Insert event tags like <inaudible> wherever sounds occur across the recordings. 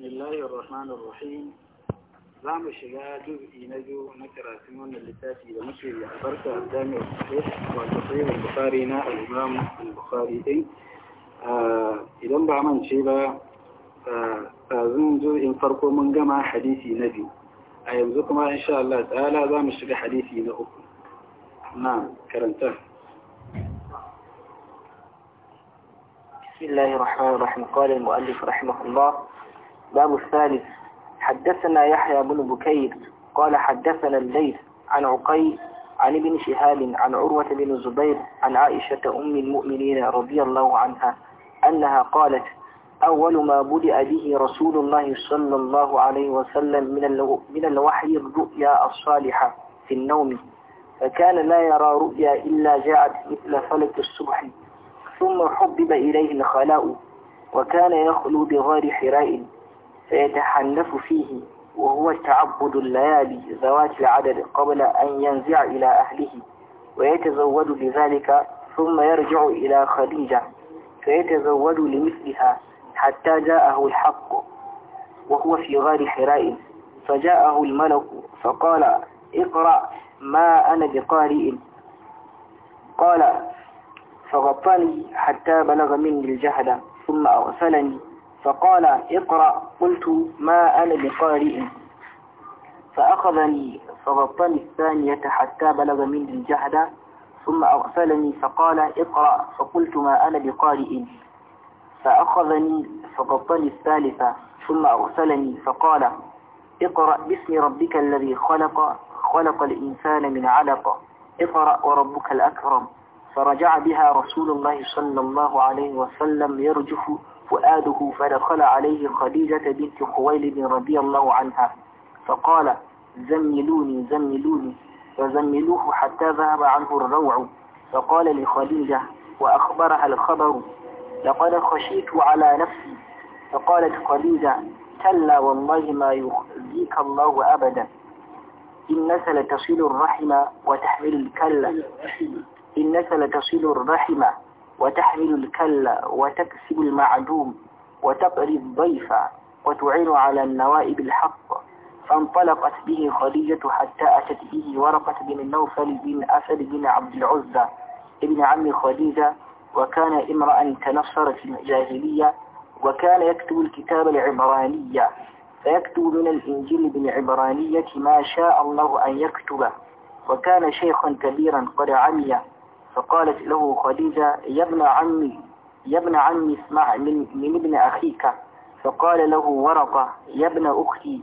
بسم الله الرحمن الرحيم زام الشجاج ينجو نكرا سمون اللتاتي ومشير يحبرك أبداني الصحيح والبخير البخاري ناء الإمام البخاري إيه آه إذن بعمل شيبا آه زنجو إن فرقو من جمع حديثي نجو أيمزكما إن شاء الله تعالى زام الشجاج حديثي نأخو نعم كرنته بسم الله الرحمن الرحيم قال المؤلف رحمه الله باب الثالث حدثنا يحيى بن بكير قال حدثنا الليث عن عقيل عن ابن شهاب عن عروة بن الزبير عن عائشة أم المؤمنين رضي الله عنها أنها قالت أول ما بدأ به رسول الله صلى الله عليه وسلم من من الوحي الرؤيا الصالحة في النوم فكان لا يرى رؤيا إلا جاءت مثل فلك الصبح ثم حبب إليه الخلاء وكان يخلو بغار حراء فيتحلف فيه وهو تعبد الليالي ذوات العدد قبل أن ينزع إلى أهله ويتزود لذلك ثم يرجع إلى خديجة فيتزود لمثلها حتى جاءه الحق وهو في غار حراء فجاءه الملك فقال اقرأ ما أنا بقارئ قال فغطاني حتى بلغ مني الجهد ثم أغسلني فقال اقرأ قلت ما أنا بقارئ فأخذني فضبطني الثانية حتى بلغ مني الجهد ثم أغفلني فقال اقرأ فقلت ما أنا بقارئ فأخذني فضبطني الثالثة ثم أغفلني فقال اقرأ باسم ربك الذي خلق خلق الإنسان من علق اقرأ وربك الأكرم فرجع بها رسول الله صلى الله عليه وسلم يرجف فؤاده فدخل عليه خديجة بنت خويلد رضي الله عنها فقال زملوني زملوني فزملوه حتى ذهب عنه الروع فقال لخديجة وأخبرها الخبر لقد خشيت على نفسي فقالت خديجة كلا والله ما يخزيك الله أبدا إنك لتصل الرحم وتحمل الكلة إنك لتصل الرحم وتحمل الكل وتكسب المعدوم وتقري الضيف وتعين على النوائب الحق فانطلقت به خديجة حتى أتت به ورقة بن النوفل بن أسد بن عبد العزة ابن عم خديجة وكان امرأ تنصر في الجاهلية وكان يكتب الكتاب العبرانية فيكتب من الإنجيل بالعبرانية ما شاء الله أن يكتبه وكان شيخا كبيرا قد عمي فقالت له خديجة يا ابن عمي يا ابن عمي اسمع من, من ابن أخيك فقال له ورقة يا ابن أختي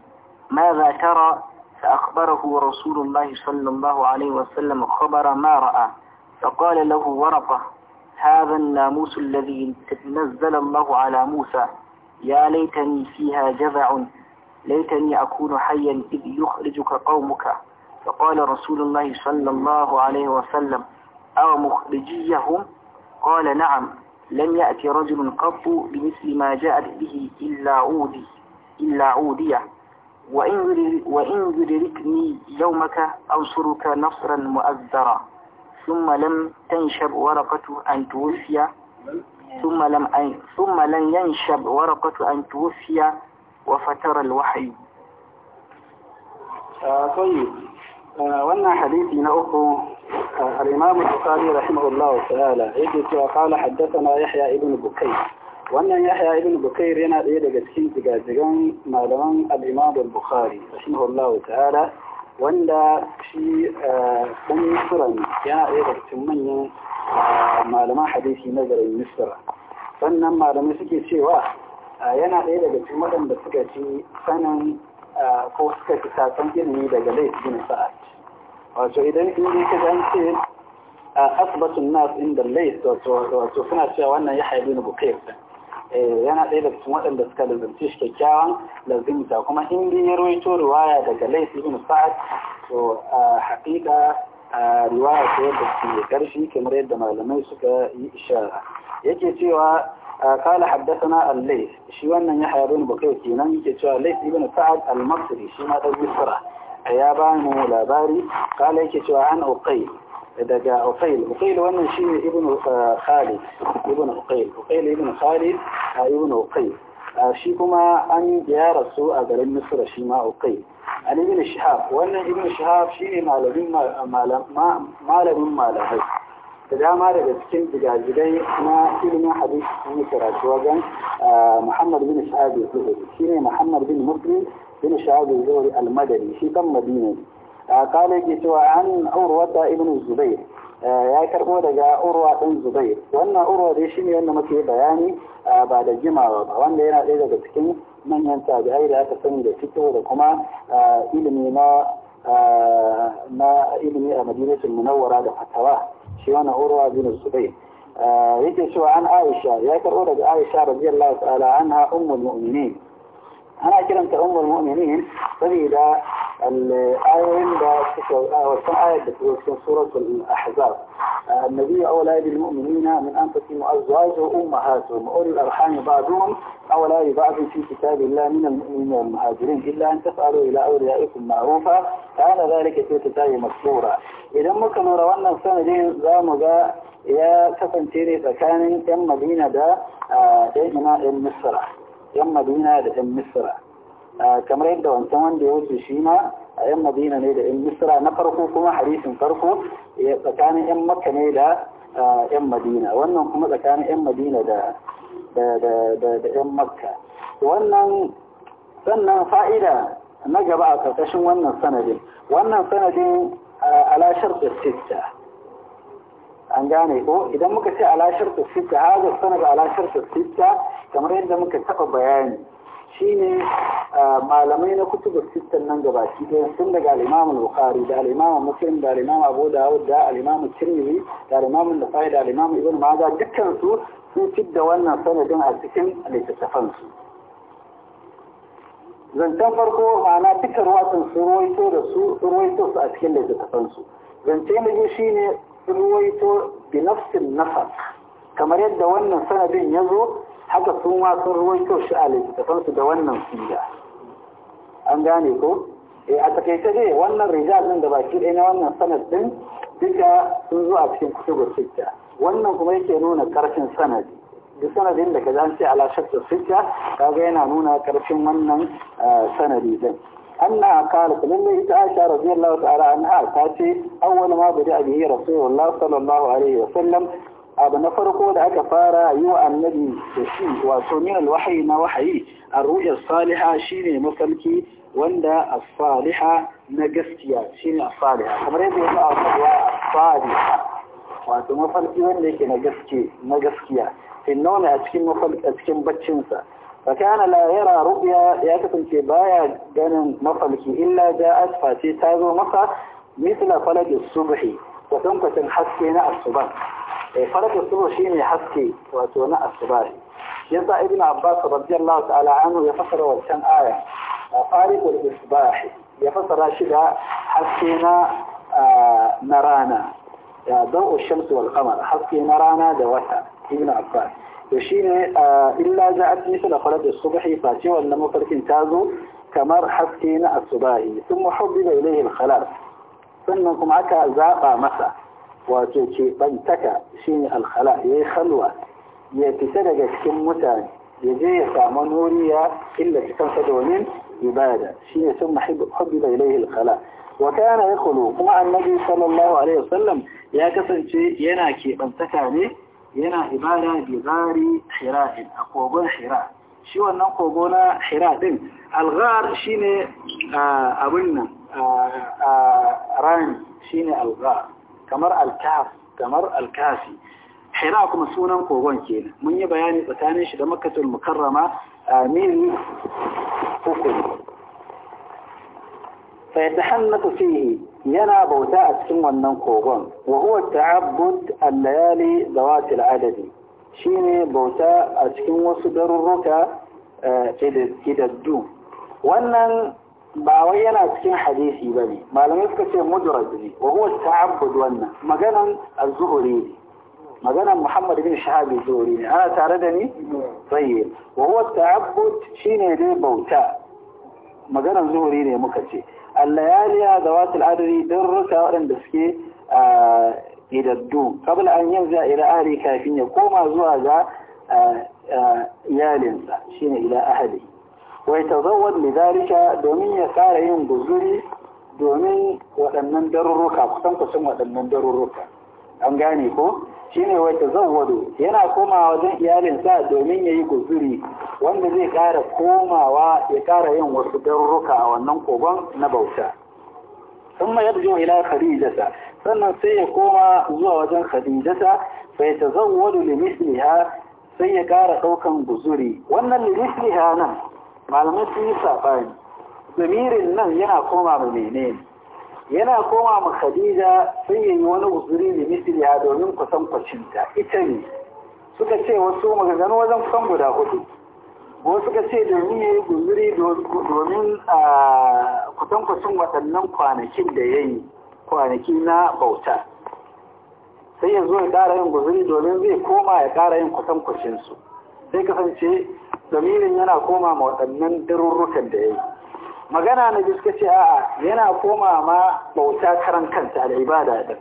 ماذا ترى فأخبره رسول الله صلى الله عليه وسلم خبر ما رأى فقال له ورقة هذا الناموس الذي نزل الله على موسى يا ليتني فيها جزع ليتني أكون حيا إذ يخرجك قومك فقال رسول الله صلى الله عليه وسلم أو مخرجيهم قال نعم لم يأتي رجل قط بمثل ما جاءت به إلا عودي إلا عودية وإن, وإن يدركني يومك أنصرك نصرا مؤذرا ثم لم تنشب ورقة أن توفي ثم لم أن ثم لن ينشب ورقة أن توفي وفتر الوحي آه طيب آه وانا حديثي نأخو الإمام البخاري رحمه الله تعالى يجي قال حدثنا يحيى ابن بكير وأن يحيى ابن بكير ينا ليدا قتكين تقاتقان معلمان الإمام البخاري رحمه الله تعالى وأن شيء من مصر ينا ليدا قتمني معلمان حديثي نظر مصر فأن معلمان سكي سوا yana ɗaya daga cikin waɗanda suka ci sanin ko suka fi sasan ilimi daga laifin sa'ad فإذا أنت ان كذا أنت آه، أثبت الناس عند الليل وتوفنا فيها وأنا يحيى بن بقيف إيه، أنا إذا إيه سمعت أن تتكلم بنتيش لازم تاكما إندي يروي رواية دك ليس بن سعد آه، حقيقة آه، رواية سيدة في كرشي كمريد دمع لميسك إشارة يكي تيوا قال حدثنا الليث شوانا يحيى بن بقيف كينا يكي تيوا ليس بن سعد المصري شما تزيسره ya bani labari kala yake cewa an uqayl daga uqayl uqayl wannan shine ibn uh, khalid ibn uqayl uqayl ibn khalid ibn uqayl shi kuma an ya rasu a garin misra shi ma uqayl an ibn shihab wannan ibn shihab shine malamin malamin malamai da dama daga cikin gidajirai na ilimin hadisi sun yi karatu wajen ah, muhammad bin sha'abi zuhuri shi ne muhammad bin muslim bin sha'abi zuhuri almadari shi kan madina قال يجي ah, an urwata ابن الزبير ya karbo daga urwa ɗin zubair wannan urwa dai ne wanda muke bayani ah, ba da jimawa ba wanda yana ɗaya daga cikin manyan tabi'ai da aka sani da fito da kuma ilimi na na ilimi a madinatul munawwara da fatawa shi wannan urwa bin zubair ah, yake cewa an aisha ya karbo daga aisha radiyallahu ta'ala ha ummul mu'minin أنا أكرمت أم المؤمنين سبيلا الآيين دا وكان آية بتوكسين سورة الأحزاب النبي أولى بالمؤمنين من أنفسهم وأزواجه أمهاتهم أولي الأرحام بعضهم أولى ببعض في كتاب الله من المؤمنين والمهاجرين إلا أن تفعلوا إلى أوليائكم معروفا كان ذلك في كتاب مسطورا إذا ما كانوا روانا السنة دي زاموا يا كفن تيري فكان يم مدينة دا آه، دائمنا المصرح yan madina da yan misra kamar yadda wancan wanda ya wuce shi ma a yan madina ne da yan misra na farko kuma hadisin farko ya tsakanin yan maka ne da yan madina wannan kuma tsakanin yan madina da yan makka wannan sannan fa'ida na gaba a ƙarƙashin wannan sanadin wannan sanadin ala sharɗin sitta an gane ko idan muka ce ala shartu sitta hada sanad ala shartu sitta kamar yadda muka taba bayani shine malamai na kutubu sittan nan gabaki ɗaya sun daga al-Imam al-Bukhari da al-Imam Muslim da al-Imam Abu Dawud da al-Imam Tirmidhi da al-Imam Nasa'i da al-Imam Ibn Majah dukkan su sun fidda wannan sanadin a cikin littattafan su zancen farko ma'ana dukkan ruwatsun su ruwaito da su su ruwaito su a cikin littattafan su zance na biyu shine ruwaito binafsin nafas kamar yadda wannan sanadin ya zo haka sun ma sun ruwaito shi a littattafansu da wannan siya an gane ko eh, a takaice dai wannan rijal din da baki ɗaya na wannan sanad din duka sun zo a cikin kutubur sitta wannan kuma yake nuna karfin sanadi duk sanadin da ka zance ala shakka sitta kaga yana nuna karfin wannan ah, sanadi din أنها قالت لما إتعاشى رضي الله تعالى عنها تاتي أول ما بدأ به رسول الله صلى الله عليه وسلم abu na farko da aka fara yi wa annabi da shi wato na wahayi a ru'yar saliha shine mafarki wanda as-saliha na gaskiya shine as-saliha kamar yadda yake a fadwa wanda na gaskiya a cikin baccinsa. فكان لا يرى رؤيا يكتم كبايا جنن مفلك إلا جاءت فاتيتاز مصر مثل فلك الصبح وتنكة حسكنا الصبح فلك الصبح شين حسكي وتونا الصباح يضع ابن عباس رضي الله تعالى عنه يفسر وكان آية فارق الإصباح يفسر شدة حسكنا نرانا ضوء الشمس والقمر حسكي نرانا دوتا ابن عباس to a illa ja'at da khalad as-subhi fa ce wannan mafarkin ta zo kamar haske na asubahi subahi thumma da ilayhi al sannan kuma aka zaɓa masa wato ce bantaka ne al-khala yayi khalwa ya fita daga cikin mutane ya je ya samu nuri ya illa kansa domin ibada shine thumma hubbiba ilayhi al-khala wa kana yakhlu kuma annabi sallallahu alaihi wasallam ya kasance yana keɓantaka ne yana ibada bi gari hira'in a kogon shi wannan kogo na hira din algar shine abin nan rani shine algar kamar alkaf kamar alkafi hira kuma sunan kogon kenan mun yi bayani tsakanin shi da makatul mukarrama amin mil hukumi fa yatahannatu fihi yana bauta a cikin wannan kogon wa huwa ta'abbud al-layali dawati al-adadi shine bauta a cikin wasu darurruka eh, du. wannan ba wai yana cikin hadisi bane malamai suka ce mudraj ne wa huwa ta'abbud wannan maganan az-zuhri ne maganan Muhammad bin Shahabi zuhri ne ana tare da ni sai wa huwa ta'abbud shine dai bauta maganan zuhri ne muka ce al-layaliya zawatul adri darurruka waɗanda suke idaddu kabla an yanzu ila ahli kafin ya koma zuwa ga iyalinsa shine ila ahli wai tazawwad lidalika domin ya fara yin guzuri domin waɗannan darurruka kusan kusan waɗannan darurruka an gane ko shine wata zawwado yana komawa wajen iyalinsa domin ya yi guzuri wanda zai ƙara komawa ya ƙara yin wasu darruka a wannan kogon na bauta sun ma yadda ila khadijata sannan sai ya koma zuwa wajen khadijata sai ta zawwado limisliha sai ya ƙara ɗaukan guzuri wannan limisliha nan malamai sun yi saɓani zamirin nan yana koma menene yana koma ma khadija sun yi wani uzuri da misliya domin kusan kwacinta ita ne suka ce wasu maganganu wajen kusan guda hudu ko suka ce domin ya yi uzuri domin a kusan kwacin waɗannan kwanakin da yayi kwanaki na bauta sai yanzu ya ƙara yin guzuri domin zai koma ya ƙara yin kusan su sai kasance domin yana koma ma waɗannan darurrukan da ya yi magana na biska ce a'a yana koma ma bauta karan kanta ibada din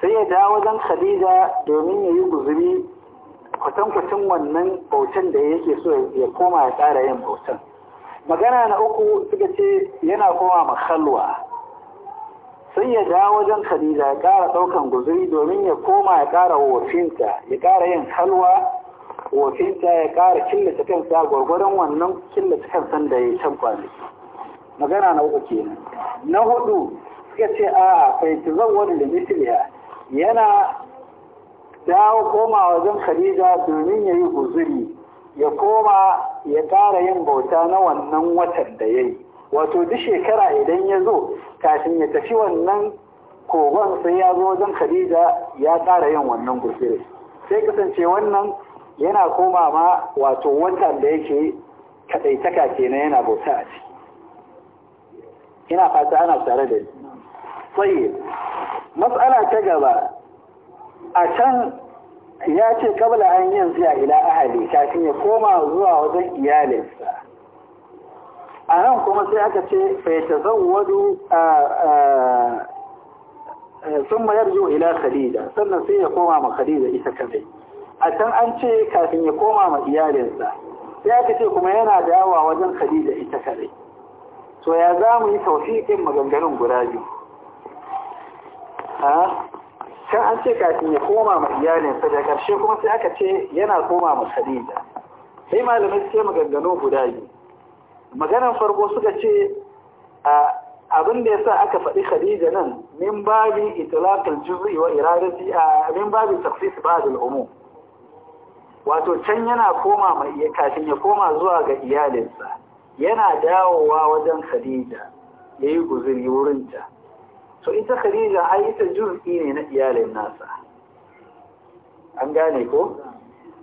sai ya dawo wajen khadija domin ya yi guzuri kwatankwacin wannan bautan da yake so ya koma ya tsara yin bautan magana na uku suka ce yana koma ma khalwa sai ya dawo wajen khadija ya ƙara ɗaukan guzuri domin ya koma ya kara wofinta ya kara yin khalwa wafinta ya ƙara killace kansa gwargwaron wannan killace kansan da ya can kwanu magana na uku kenan na hudu suka ce a fahimci zan wani da misliya yana dawo koma wajen khadija domin ya yi guzuri ya koma ya ƙara yin bauta na wannan watan da ya yi wato duk shekara idan ya zo kafin ya tafi wannan kogon sai ya zo wajen khadija ya ƙara yin wannan guzuri sai kasance wannan yana koma ma wato wancan da yake kadaitaka kenan yana bauta a ciki ina fata ana tare da ni tsaye matsala ta gaba a can ya ce kabla an yin zuwa ila ahali kafin ya koma zuwa wajen iyalinsa a nan kuma sai aka ce ta faita a sun mayar zuwa ila khadija sannan sai ya koma ma khadija ita kadai a can an ce kafin ya koma ma iyalinsa sai aka ce kuma yana dawa wajen khadija ita kare. to ya za mu yi taufiƙin maganganun guda biyu ha can an ce kafin ya koma ma iyalinsa da ƙarshe kuma sai aka ce yana koma ma khadija sai malamai suke maganganu guda biyu maganan farko suka ce a abin da ya sa aka faɗi khadija nan min babi itlaqal juz'i wa iradati min babi tafsir ba da al'umu wato can yana koma mai kafin ya koma zuwa ga iyalinsa yana dawowa wajen khadija ya yi guzuri wurinta to ita khadija ai ita juz'i ne na iyalin nasa an gane ko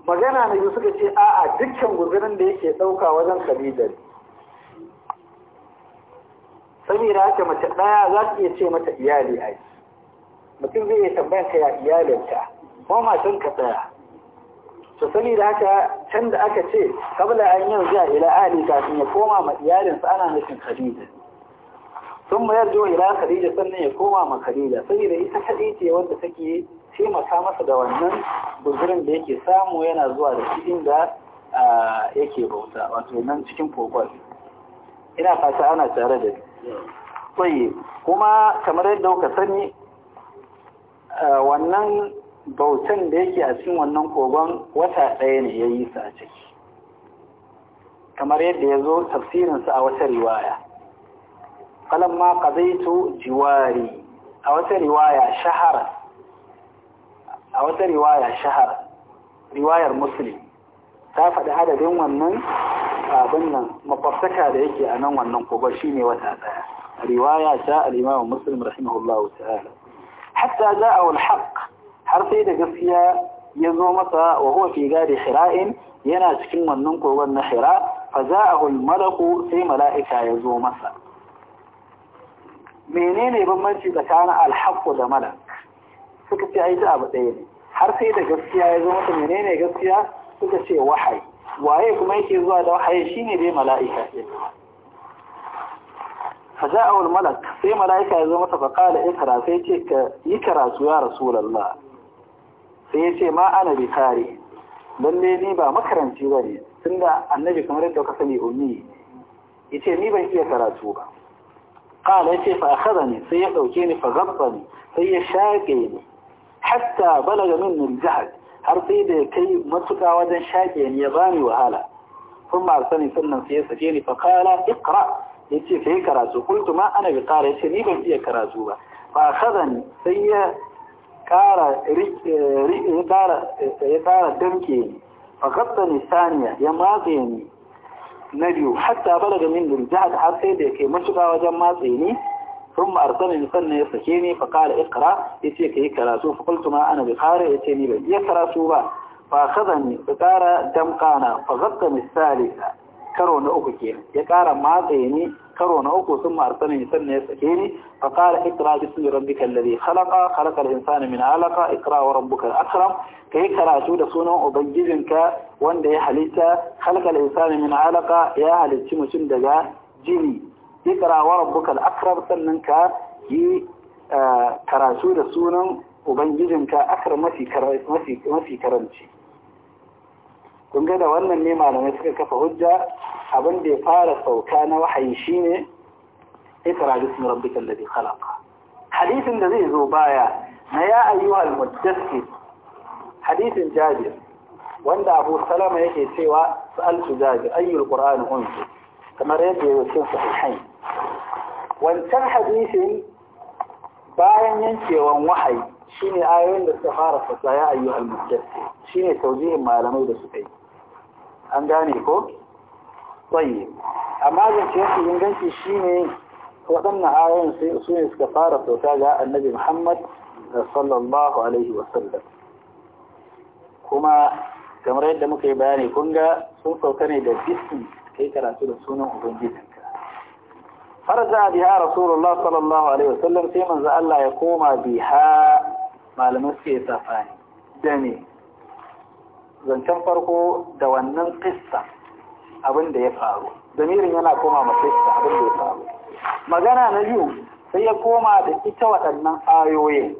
magana na yi suka ce a'a dukkan guzurin da yake ɗauka wajen khadija saboda haka mace ɗaya za ta iya ce mata iyali ai mutum zai iya tambayar ka ya iyalinka ko matan ka to saboda haka can da aka ce kabla an yarja ila ahli kafin ya koma ma iyalinsa ana nufin khadija sun mayar jo ila khadija sannan ya koma ma khadija saboda ita kadai ce wanda take taimaka masa da wannan buzurin da yake samu yana zuwa da cikin da yake bauta wato nan cikin kokon ina fata ana tare da tsaye kuma kamar yadda kuka sani wannan bautan da yake a cikin wannan kogon wata ɗaya ne ya yi sa a ciki kamar yadda ya zo tafsirinsa a wata riwaya falamma ƙazaitu jiwari a wata riwaya shahara a wata riwaya shahara riwayar musulmi. ta faɗi adadin wannan abin nan mafafsaka da yake a nan wannan kogon shi ne wata ɗaya riwaya ta al-imam muslim rahimahullahu ta'ala hatta za'a wal haqq har sai da gaskiya ya zo masa wa huwa fi gadi hira'in yana cikin wannan kogon na hira fa za'ahu malaku sai mala'ika ya zo masa menene bambanci tsakanin alhaqqu da malak suka ce ai abu ɗaya ne har sai da gaskiya ya zo masa menene gaskiya suka ce wahayi waye kuma yake zuwa da wahayi shine dai mala'ika فجاءه الملك في ملائكة يزوم فقال اقرأ فيك يكرأ سويا رسول الله sai ya ce ma ana bi kare lalle ni ba makaranci ba ne tun da annabi kamar yadda ka sani ummi ya ce ni ban iya karatu ba kala ya ce fa a ne sai ya ɗauke ni fa gabba ne sai ya shaƙe ne hatta balaga min min jihar har sai da ya kai matuƙa wajen shaƙe ne ya bani wahala sun ma sani sannan sai ya sake ni fa kala ikra ya ce ka yi karatu kultu ma ana bi ya ce ni ban iya karatu ba fa a sai ya ya kara damke fakasta nisaniya ya matse ni na biyu hatta fara da min lulja da har sai da ya kai mashiga wajen matse ni sun ma arzani nisan na ya sake ni fakara ikira ya ce ka yi karatu fakultu ma ana bi ya ce ni bai iya karatu ba fakasta ni ya kara damkana fakasta nisaniya karo na uku ke ya kara matsaye ni karo na uku sun ma'arsanin nisan ne ya sake ni fa ƙara ikra bi sun rabbi kallari halaka halakar insani min alaka ikra wa rabbuka akram ka yi karatu da sunan ubangijinka wanda ya halitta halakar insani min alaka ya halicci mutum daga jini ikra wa rabbuka akram sannan ka yi eh, karatu da sunan ubangijinka akram mafi karanci kun ga da wannan ne malamai suka kafa hujja abin da ya fara sauka na wahayi shine ikra bismi rabbikal ladhi khalaq hadisin da zai zo baya na ya ayyuhal mudaththir hadisin jabir wanda Abu Salama yake cewa sa'altu jabir ayyul qur'an unzil kamar yadda ya cikin sahihain wancan hadisin bayan yankewan wahayi shine ayoyin da suka fara fasa ya ayyuhal mudaththir shine taujihin malamai da suka yi an gane ko tsaye amma zance yake inganci shine waɗannan ayoyin su ne suka fara sauka ga annabi muhammad da sallallahu alaihi wasallam kuma kamar yadda muka yi bayani kunga sun sauka ne da bismi kai karatu da sunan ubangijinka فرجع بها رسول الله صلى الله عليه وسلم في Allah ya koma بها ما suke يسكي da ne. zancen farko da wannan kista abin da ya faru damirin yana koma ma kista abin da ya faru magana na biyu sai ya koma da ita waɗannan ayoyin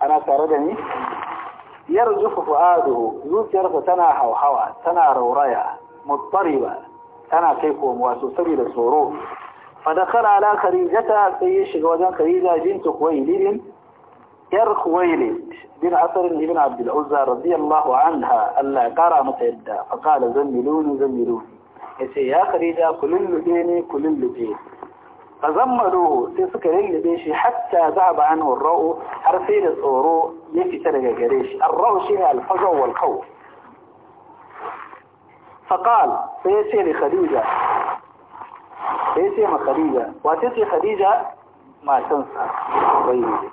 ana tare da ni Yar zufu fu'aduhu zuciyarsa tana hauhawa tana rauraya muttariba tana kai komowa so saboda tsoro fa dakhala ala sai ya shiga wajen kuwa bintu lirin ير خويلد بن عطر بن عبد العزى رضي الله عنها ألا قرأ متعدى فقال زملوني زملوني يسي يا خريجة كل اللبيني كل اللبين فزملوه تسك للبيشي حتى ذهب عنه الرؤو حرفين الصورو يكي تلقى قريش الرؤو شيء الفزع والخوف فقال فيسي لخديجة فيسي ما خديجة وتسي خديجة ما تنسى غيره طيب.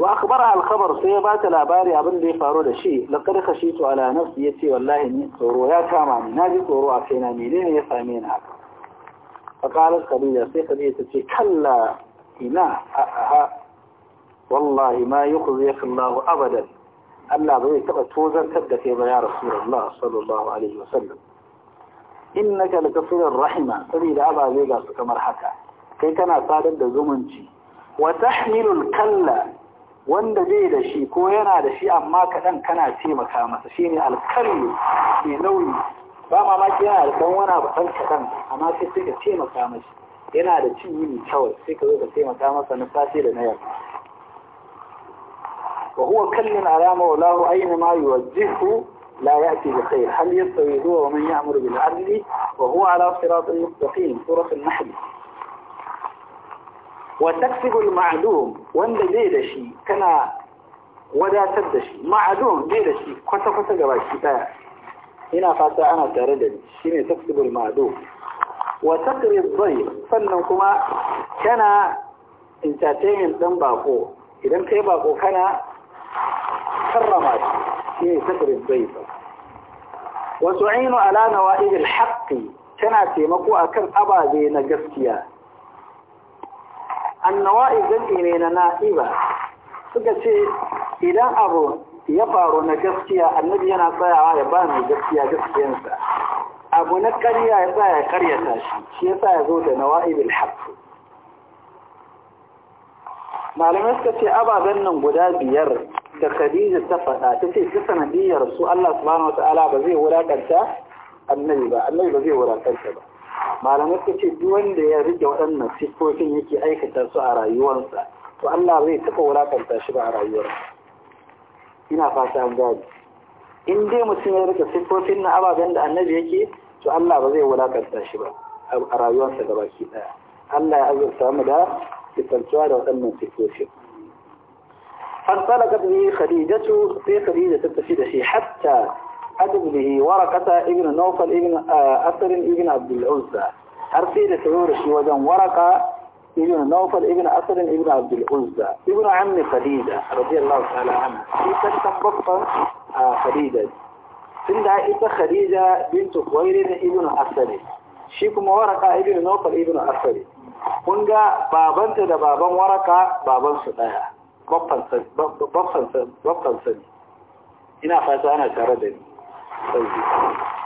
wa akhbara al-khabar sai ya bata labari abin da ya faru da shi laqad khashitu ala nafsi yace wallahi ni tsoro ya kama ni naji tsoro a kaina menene ya same ni haka fa qalat khadija sai khadija tace kalla ina a wallahi ma yukhzika Allah abadan Allah bai taba tozartar da kai ba ya rasulullah sallallahu alaihi wasallam innaka lakafirir rahima saboda ababe ga su kamar haka kai kana sadar da zumunci wa tahmilul kalla wanda zai da shi ko yana da shi amma kaɗan kana taimaka masa shi ne alkalmi mai nauyi ba mamaki yana da wani abu ɗan kaɗan amma sai sai ka taimaka mashi yana da cin yini kawai sai ka zo ka taimaka masa na safe da na yamma wa huwa kallin alama wa lahu aina ma yuwajjihu zuwa يأتي بخير هل يستوي هو ومن يأمر بالعدل وهو على صراط مستقيم سورة النحل wa taksibul wanda zai da shi kana wadatar da shi ma'lum zai da shi kwata kwata gaba shi daya ina fata ana tare da ni shine taksibul ma'lum wa taqri dhayf sannan kuma kana entertainment dan bako idan kai bako kana karrama shi shine taqri ba. Wasu tu'inu ala nawa'id al haƙƙi kana taimako akan ababe na gaskiya annawa'ib jam'i ne na na'iba suka ce idan abu ya faru na gaskiya annabi yana tsayawa ya ba mai gaskiya gaskiyansa abu na karya ya tsaya ya ta shi shi ya ya zo da nawa'ibul haqq malamai suka ce ababen nan guda biyar da Khadija ta faɗa ta ce ta sanadiyar su Allah subhanahu Ta'ala ba zai wulakanta annabi ba annabi ba zai wulakanta ba malamai suka ce duk wanda ya rike waɗannan siffofin yake aikata su a rayuwarsa to Allah zai taɓa wulakanta shi ba a rayuwarsa ina fata an gaji. in dai mutum ya rike siffofin na ababen da annabi yake to Allah ba zai wulakanta shi ba a rayuwarsa gaba baki ɗaya Allah ya azurta mu da fitantuwa da waɗannan siffofin فانطلقت به خديجة في خديجة تتفيد شيء حتى adabdihi warakata ibn nawfal ibn asirin ibn abdul uzza har sai da sayo da shi wajen waraka ibn nawfal ibn asirin ibn abdul uzza ibn ammi khadija radiyallahu ta'ala anha shi tantan babban khadija tunda ita khadija bintu khuwairid ibn asari shi kuma waraka ibn nawfal ibn asari kun ga babanta da baban waraka babansu daya babban sani ina fata ana tare da ni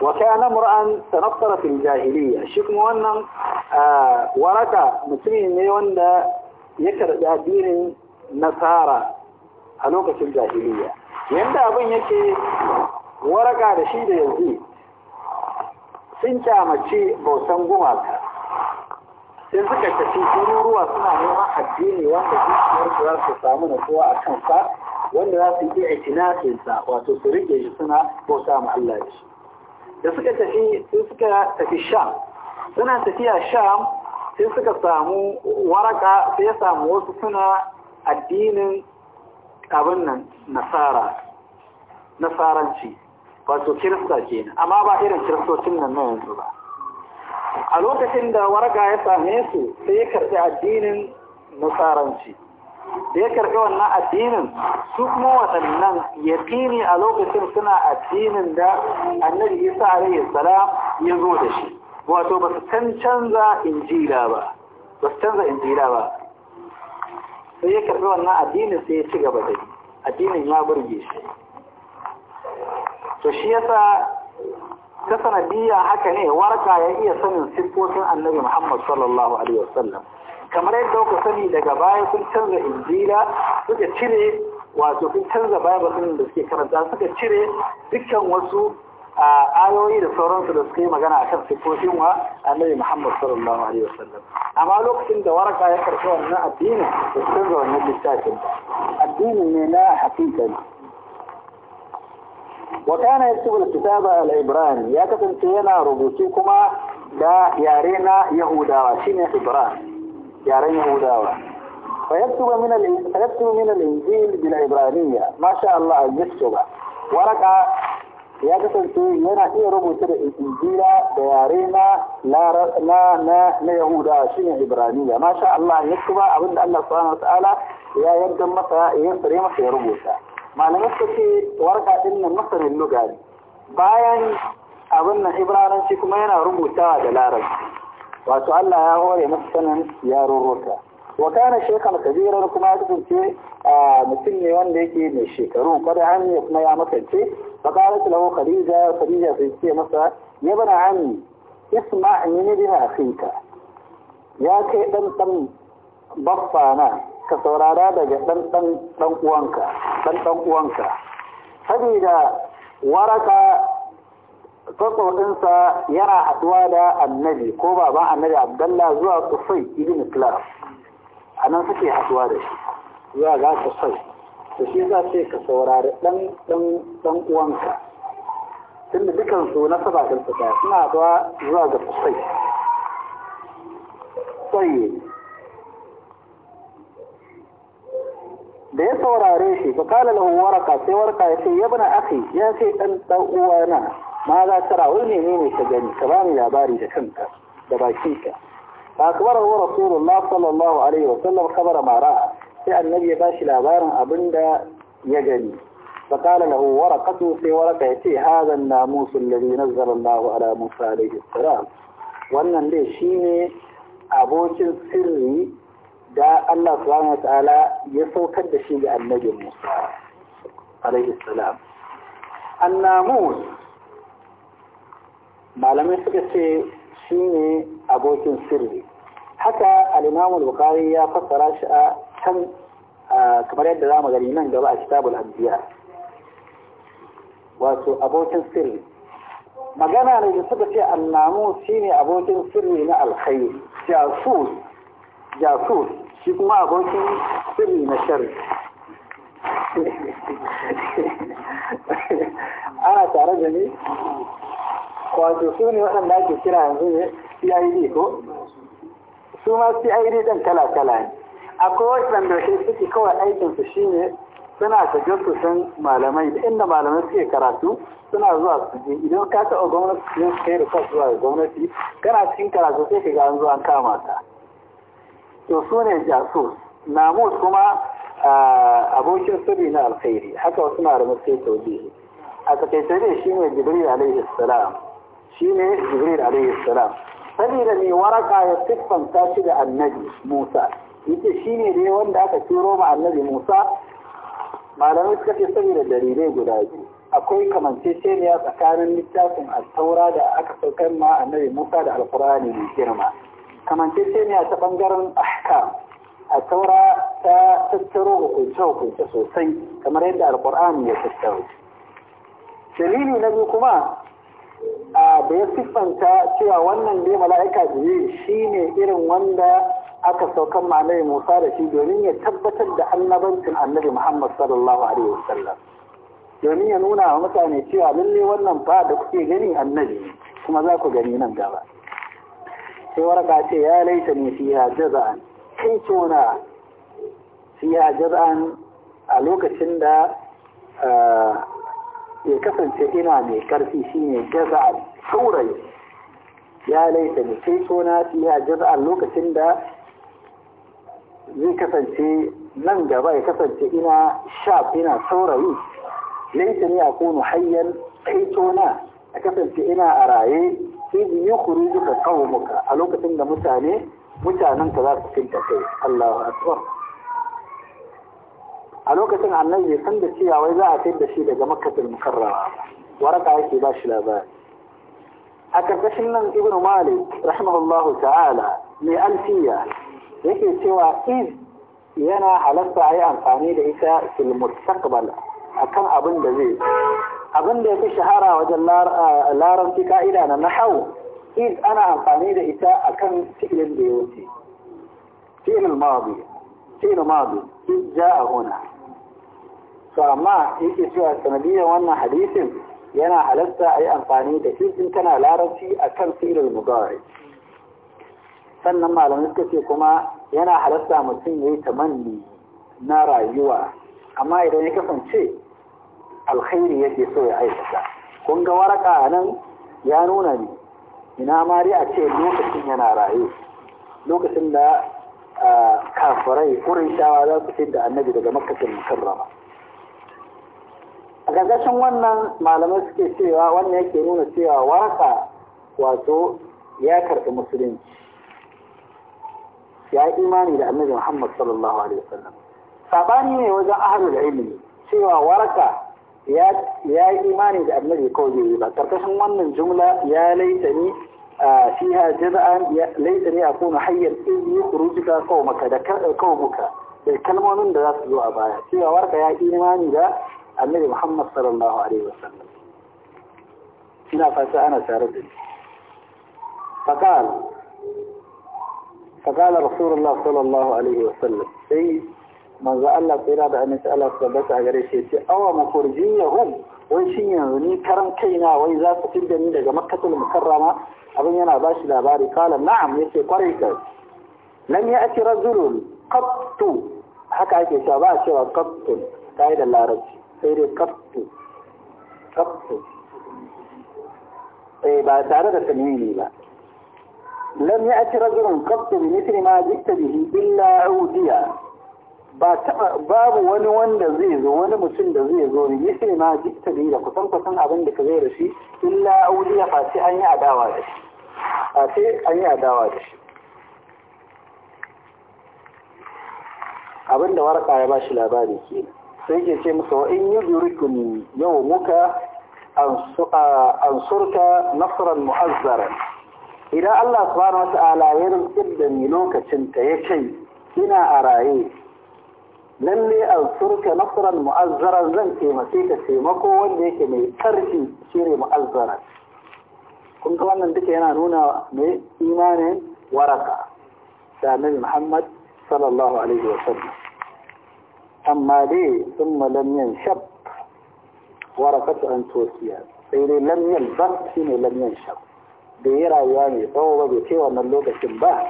wakai ana mura'an sanakta na jahiliya shi kuma wannan waraka mutumin ne wanda ya karɗa nasara a lokacin jahiliya yadda abin yake waraka da shi da yanzu sun kyamace bautan gumaka sun suka tafi ɗin ruwa suna neman addini wanda zuciyar su za su samu na kowa a kansa wanda za su yi itinafinsa wato su rike shi suna bauta ma Allah shi da suka tafi sun suka tafi sham suna tafiya sham sai suka samu waraka sai ya samu wasu suna addinin abin nan nasara nasaranci wato kirista kenan amma ba irin kiristocin nan na yanzu ba a lokacin da waraka ya same su sai ya karɓi addinin nasaranci da ya karɓi wannan addinin su kuma waɗannan yaƙini a lokacin suna addinin da annabi isa alaihi salam ya zo da shi wato ba su canza injila ba ba su canza injila ba sai ya karɓi wannan addinin sai ya ci gaba da addinin ya burge shi to shi yasa ta sanadiyya haka ne warka ya iya sanin siffofin annabi Muhammad sallallahu alaihi wasallam kamar yadda ku sani daga baya sun canza injila suka cire wato sun canza bible din da suke karanta suka cire dukkan wasu ayoyi da sauransu da suka yi magana akan sifofin wa annabi Muhammad sallallahu alaihi wasallam amma lokacin da waraka ya karɓi wannan addini da canza wannan littafin addini ne na hakika وكان يكتب الكتاب العبراني يا كتب سينا ربوتي كما دا يارينا يهودا شين عبراني yaren yahudawa فيكتب من فيكتب bila ibraniya masha allah شاء الله ba waraka ya kasance yana iya rubuta da injila da yare na na na yahuda shine ibraniya masha Allah ya kuma abinda Allah subhanahu wataala ya yarda masa ya tsare masa ya rubuta malamai suke ce warka din nan masarin lugari bayan abin nan ibrananci kuma yana rubutawa da larabci wato Allah ya hore masa sanin yarurruka wa kana shekar kabirar kuma ya kasance mutum ne wanda yake mai shekaru kwada hannu kuma ya makance fa qalat lahu khadija khadija sai ce masa ya bana hannu isma' min bi akhika ya kai dan dan baffa ka saurara daga dan dan dan uwanka dan dan uwanka waraka tsotso ɗinsa yana haɗuwa da annabi ko baban annabi abdallah zuwa kusai ibn klas a nan suke haɗuwa da shi zuwa ga kusai da shi za ce ka saurari ɗan ɗan uwanka tunda dukansu na saba ɗin fita suna haɗuwa zuwa ga kusai tsaye da ya saurare shi ba kala lahu waraka sai waraka ya ce ya bana akhi ya ce ɗan ɗan uwana Maza tara wai ne ka gani ka bani labari da kanka da bakinka fa akbara wa rasulullah sallallahu alaihi wa sallam khabara ma ra'a sai annabi ya bashi labarin abinda ya gani fa qala lahu waraqatu sai waraka ce, hadha an-namus alladhi nazzala Allah ala Musa alaihi salam wannan dai shine abokin sirri da Allah subhanahu wa ya saukar da shi ga annabi Musa alaihi salam annamus malamai suka ce shi ne abokin sirri haka al'imamul bukari ya fassara shi a can kamar yadda za mu gani nan gaba a kitabul abdiya wato abokin sirri magana ne da suka ce annamu shi ne abokin sirri na alkhairi jasus jasus shi kuma abokin sirri na sharri <laughs> ana tare da ni wato su ne waɗanda ake kira yanzu ne CID ko su ma CID ɗin kala-kala ne akwai waɗanda shi suke kawai aikinsu shi ne suna sajjarsu malamai da inda malamai suke karatu suna zuwa su je idan ka taɓa gwamnati sun kai rikos zuwa gwamnati kana cikin karatu sai ka ga an zuwa kama ta to su ne jasus namus kuma abokin sabi na alkhairi haka wasu da sai tauji a takaice ne shi ne jibril alaihi salam shine jibril alaihi salam sabida mai waraka ya siffanta shi da annabi musa yace ne dai wanda aka turo ma annabi musa malamai suka ce saboda dalilai guda biyu akwai kamanceceniya tsakanin littafin attaura da aka saukar ma annabi musa da alkurani mai girma kamanceceniya ta bangaren ahkam taura ta tattaro hukunce-hukunce sosai kamar yadda alkurani ya tattaro dalili na biyu kuma da ya siffanta cewa wannan dai mala'ika shi ne irin wanda aka saukan malai musa da shi domin ya tabbatar da annabancin annabi muhammad sallallahu alaihi wasallam domin ya nuna wa mutane cewa lalle wannan ba da kuke gani annabi kuma za ku gani nan gaba sai waraka ce ya laita ne ya jaza'an kai tona jaza'an a lokacin da eh, ya kasance ina mai karfi shine jaza saurayi ya laita ni sai a fiya jaza lokacin da zai kasance nan gaba ya kasance ina sharp ina saurayi laita a akunu hayyan sai sona a kasance ina a raye sai yi kuri duka kawo muka a lokacin da mutane mutanenka za su fita kai Allahu akbar a lokacin annabi bai san da cewa wai za a fitar da shi daga makkatul mukarrama waraka yake ba shi labari a karkashin nan ibn malik rahimahullahu ta'ala mai alfiya yake cewa iz yana halatta a yi amfani da ita fil mustaqbal akan abin da zai abin da yafi shahara wajen larabci ka'ida na nahau iz ana amfani da ita akan fi'ilin da ya wuce fi'il madi fi'il madi iz ja'a huna to amma yake cewa sanadiyar wannan hadisin yana halatta a yi amfani da shi in kana larabci a kan filin mugawari sannan malamai suka ce kuma yana halatta mutum ya yi tamanni na rayuwa amma idan ya kasance alkhairi yake so ya aikata kun ga waraka nan ya nuna ne ina ma dai a ce lokacin yana raye lokacin da ah, kafirai kurin shawa za su fi da annabi daga makasin mukarrama gagashin wannan malamai suke cewa wannan yake nuna cewa waraka wato ya karɓi musulunci ya yi imani da annabi Muhammad sallallahu alaihi wasallam sabani ne wajen ahlul ilmi cewa waraka ya yi imani da annabi kawai yi ba karkashin wannan jumla ya laitani fiha a laitani akunu hayyan in yukhrujuka qawmaka da qawmuka da kalmomin da za su zo a baya cewa waraka ya imani da النبي محمد صلى الله عليه وسلم هنا فسأنا سأردني فقال فقال رسول الله صلى الله عليه وسلم أي من ذا الله في رابع أن يسأله فبسع غريشي أو مخرجيهم وإنشي يعني كرم كينا وإذا ستجد من ذا مكة المكرمة أبني أنا باش باري قال نعم يسي قريكا لم يأتي رجل قط حكا يسي شباب شباب قط قائد الله رجل sai dai kaftu kaftu sai eh, ba tare da tanwini ba lam ci rajulun kaftu bi mithli ma jikta bihi illa udiya ba taba babu wani wanda zai zo wani mutum da zai zo ne mithli ma jikta bihi da kusan kusan abin da ka zai da shi illa udiya fa sai an yi adawa da shi a sai an yi adawa da shi abin da warka ya ba shi labari kenan sai ke ce musu in yudrikum yawmuka ansurka nasran mu'azzara idan Allah subhanahu wata'ala wata rintsar da ni lokacin ta ya ce ina a raye lalle ansurka nasran mu'azzara zan taimake ka taimako wanda yake mai karfi shine mu'azzara kun ga wannan duka yana nuna mai imanin waraka da Muhammad sallallahu alaihi wa sallam أما لي ثم لم ينشب أن أنتوسيا سيري لم يلبق ثم لم ينشب بيرا يعني طوبة بكي من لوكة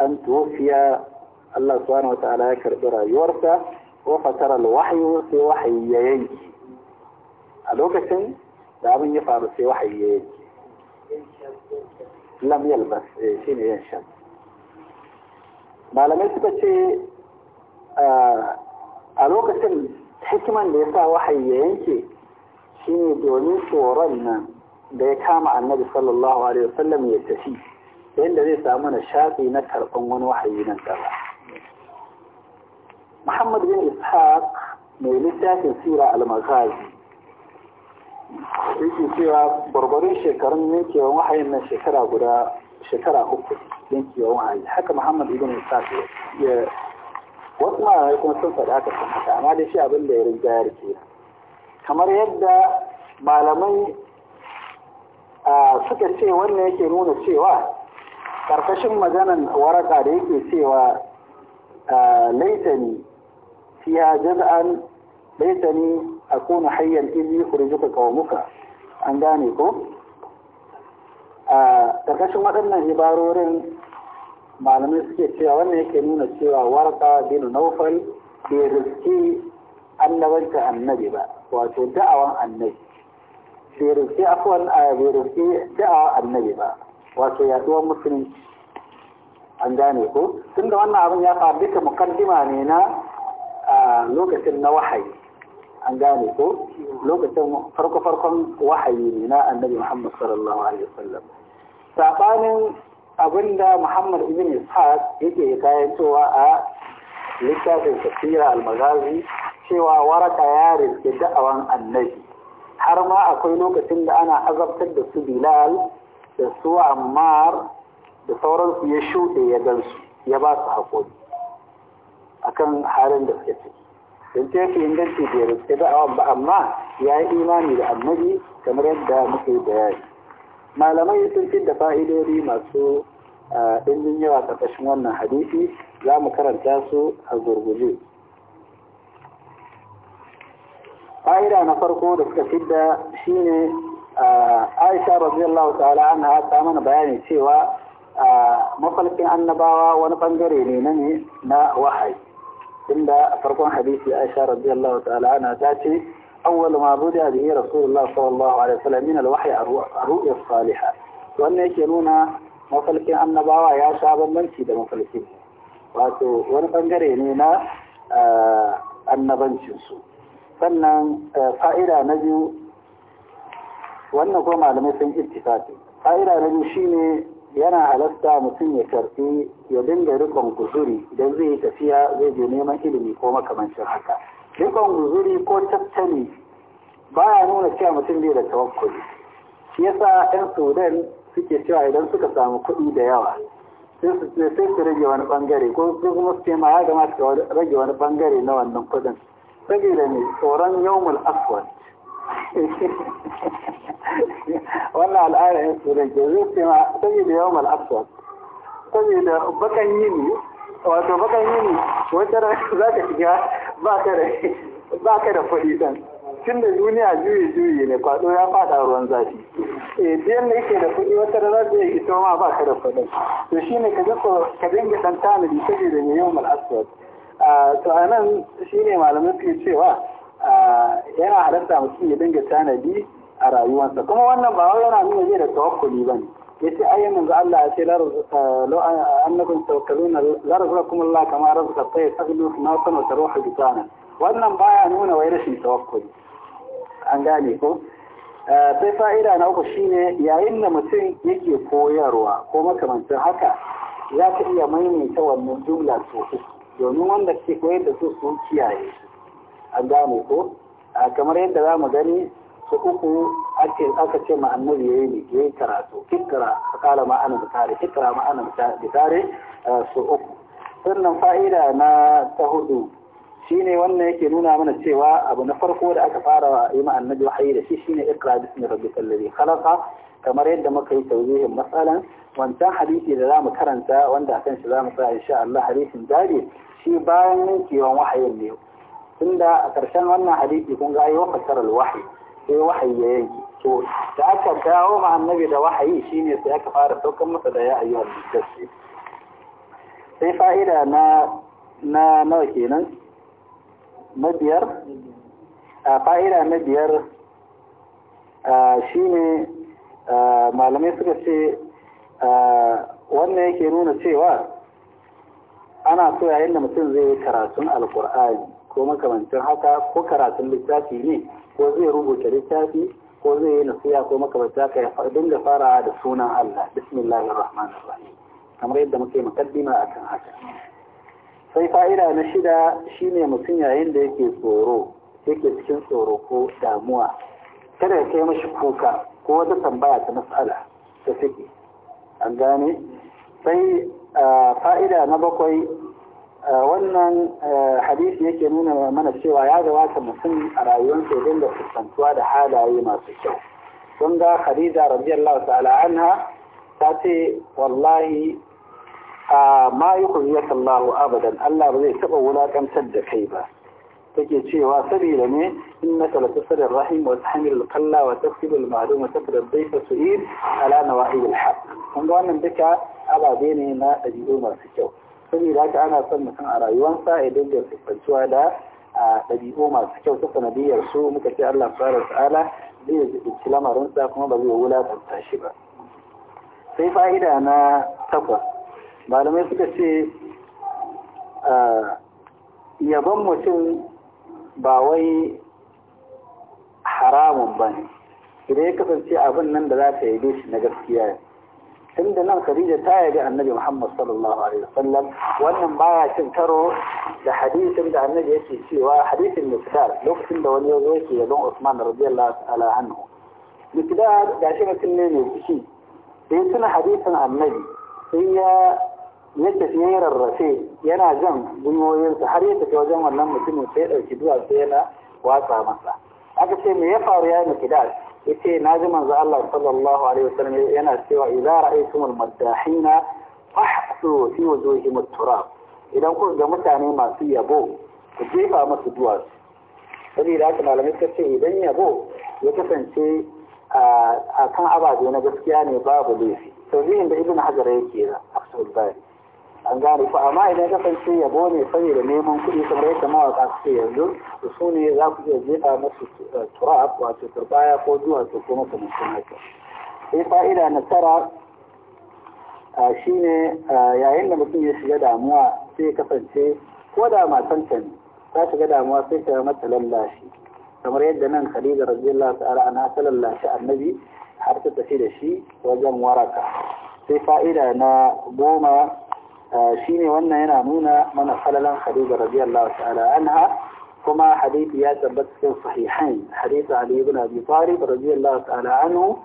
أن توفي الله سبحانه وتعالى يكر إرا يورثة وفتر الوحي في وحي يجي ألوكة دعم يفعل في وحي يجي لم يلبس شيني إيه، ينشب ما لم يثبت شيء إيه، a lokacin hikiman da ya sa wahayi ya yanke shi ne domin tsoron nan da ya kama annabi sallallahu alaihi wasallam ya tafi yadda zai samu na shafi na karɓan wani wahayi nan gaba muhammad bin ishaq mai littafin sira al-maghazi yake cewa barbarin shekarun yankewan wahayin nan shekara guda shekara uku yankewan wahayi haka muhammad ibn ishaq ya wasu malamai kuma sun faɗa ka sun haka amma da shi abin da ya rigayar ke kamar yadda malamai suka ce wannan yake nuna cewa karkashin maganan waraka da yake cewa laitani fiya jaz'an laitani akunu hayyan illi kurjuka kawamuka an gane ko ƙarƙashin waɗannan ibarorin malamai suke cewa wannan yake nuna cewa warka bin naufal bai riski annabanta annabi ba wato da'awan annabi bai riski afwan a bai riski da'awan annabi ba wato yaduwar musulunci an gane ko da wannan abin ya faru duka mukaddima ne na lokacin na wahayi an gane ko lokacin farko-farkon wahayi ne na annabi Muhammad sallallahu alaihi wasallam sabanin abinda Muhammad ibn Ishaq yake kayan cewa a littafin tafsira al-Maghazi cewa waraka ya rike da'awan annabi har ma akwai lokacin da ana azabtar da su Bilal da su Ammar da sauransu ya shuɗe ya gansu ya ba su haƙuri akan halin da suke ciki don ce yake inganci da ya riske da'awan ba amma ya yi imani da annabi kamar yadda muke bayani malamai sun fi da fa'idodi masu ɗimbin yawa ƙarƙashin wannan hadisi za mu karanta su a gurguje fa'ida na farko da suka shi shine aisha radiyallahu ta'ala anha ta mana bayani cewa mafalkin annabawa wani bangare ne na ne na wahayi inda farkon hadisi aisha radiyallahu ta'ala anha ta ce أول ما بدأ به رسول الله صلى الله عليه وسلم من الوحي الرؤيا الصالحة وأن يشيرون mafalkin annabawa ya sha bambanci da mafalkin wato wani bangare ne na annabancinsu sannan fa'ida wannan kuma malamai sun ittifaqi fa'ida na biyu shine yana halasta mutum ya karfi ya dinga rikon guzuri idan zai yi tafiya zai je neman ilimi ko makamancin haka rikon guzuri ko tattali baya nuna cewa mutum bai da tawakkuli shi yasa ɗan sudan suke cewa idan suka samu kuɗi da yawa sai su rage wani bangare ko kuma su ce ma ya gama ka rage wani bangare na wannan kuɗin saboda ne tsoron yawmul aswad <laughs> wannan al'ada ɗan sudan ke zai ce ma saboda yawmul aswad saboda bakan yini wato bakan ne wata <laughs> za ka shiga ba ka da kuɗi ɗan tun da duniya juyi juyi ne kwaɗo ya faɗa ruwan zafi Biyan eh, da yanda yake da kuɗi wata rana zai ito ma ba ka da kuɗi to shine ka ga ka dinga ɗan tanadi saboda mai yau mal'aswad ah, to a nan ne malamin ke cewa ah, yana halatta mutum ya dinga tanadi a rayuwarsa kuma wannan ba wai yana nuna zai da tawakkuli ba ne yace ai manzo Allah ya ce law annakum tawakkaluna la razaqakum Allah kama razaqa tayyib fadlu ma sana taruhu bitana wannan baya nuna wai rashin tawakkuli an gane ko eh, sai fa'ida na uku shine yayin da mutum yake koyarwa ko makamancin haka za ka iya maimaita wannan jumla su domin wanda ke koyar da su su kiyaye an gane ko eh, kamar yadda za mu gani su uku ake aka ce ma annabi yayi ne yayi karatu kikra kala ma ana bukari kikira ma ana bukari eh, su uku sannan fa'ida na ta hudu shine wannan yake nuna mana cewa abu na farko da aka fara yi ma annabi wahayi da shi shine ikra bismi rabbikal ladhi khalaqa kamar yadda muka yi tauzihin matsalan wancan hadisi da zamu karanta wanda akan shi zamu sa insha Allah hadisin dare shi bayan ninkewan wahayin ne tunda a ƙarshen wannan hadisi kun ga ayi wa fasarul sai wahayi ya yanki to da aka dawo ma annabi da wahayi shine sai aka fara saukan masa da ya ayyuhal mudaththir sai fa'ida na na nawa kenan na biyar a fa'ida na biyar shine malamai suka ce wannan yake nuna cewa ana so yayin da mutum zai yi karatun alkur'ani ko makamancin haka ko karatun littafi ne ko zai rubuta littafi ko zai yi nasiya ko makamancin haka ya dinga fara da sunan Allah bismillahir rahmanir rahim kamar yadda muke mukaddima akan haka sai fa'ida na shida shine mutum yayin da yake tsoro yake cikin tsoro ko damuwa kada ya kai mashi kuka ko wata tambaya ta mas'ala ta fiƙi an gane sai ah, fa'ida na bakwai Eh, wannan eh, hadisi yake nuna mana cewa ya gabata mutum a rayuwarsa idan da fuskantuwa da halaye masu kyau kun ga khadija radiyallahu ta'ala anha ta ce wallahi a ma yukhziyaka Allahu abadan Allah ba zai taba wulakantar da kai ba take cewa saboda ne innaka la tasadir rahim wa tahmil al-qalla wa taksib al-ma'lum wa tafid al-dayf su'id ala nawahi al-haq kun ga wannan duka ababe ne na dabi'u masu kyau saboda haka ana son mutum a rayuwarsa ya dinga fuskantuwa da a ɗabi'u masu kyau ta sanadiyar su muka ce Allah fara ta'ala zai jiɗinci lamarinsa kuma ba zai wulaƙanta shi ba sai fa'ida na takwas malamai suka ce yabon mutum ba wai haramun ba ne idan ya kasance abin nan da za ta yi shi na gaskiya ne tunda nan Khadija ta yabi Annabi Muhammad sallallahu alaihi wasallam wannan baya cin karo da hadisin da Annabi yake cewa hadisin Miqdad lokacin da wani ya zo yake yabon Usman radiyallahu ta'ala anhu Miqdad da shi mutum ne mai ciki sai tuna hadisin Annabi sai ya ya tafi ya rarrafe yana jan gwiwoyinsa har ya tafi wajen wannan mutumin sai ya ɗauki duwatsu yana watsa masa aka ce me ya faru ya Miqdad yace na ji manzo Allah sallallahu alaihi wasallam yana cewa idza ra'aytumul maddahina fahsu fi wujuhihim at-turab idan ku ga mutane masu yabo ku jefa musu duwatsu saboda haka malamai suka ce idan yabo ya kasance a kan ababe na gaskiya ne babu laifi tauzihin da ibn hajar yake da afsul bari an gane ku amma idan kasance yabo ne saboda neman kuɗi kamar yadda mawaƙa suke yanzu su ne za ku iya jefa musu eh, turab wato turbaya ko duwatsu ko makamancin haka sai fa'ida na tara shine yayin da mutum ya shiga damuwa sai kasance ko da matanta ne ta shiga damuwa sai ta mata lallashi kamar yadda nan khadija radiyallahu ta'ala anha ta lallashi annabi har ta tafi da shi wajen waraka sai fa'ida na goma Shi ne wannan yana nuna mana falalan Khadija radiyallahu ta'ala anha kuma hadisi ya tabbata cikin sahihain hadisi Ali ibn Abi Talib radiyallahu ta'ala anhu